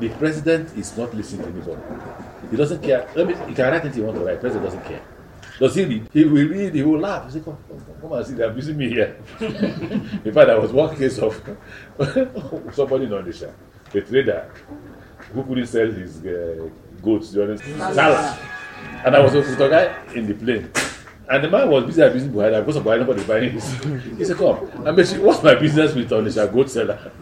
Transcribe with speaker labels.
Speaker 1: The president is not listening to anybody. He doesn't care. I mean, he can write anything he wants to write. The president doesn't care. Does he read? He will read, he will laugh. He say, come, come, come and see, they're abusing me here. In fact, I was one case of somebody in Onitsha, a trader, who couldn't sell his uh, goats during Salah. And I was with a guy in the plane. And the man was busy abusing Buhari because of Buhari, nobody buying his. He said, Come. I mean, what's my business with Onisha goat seller?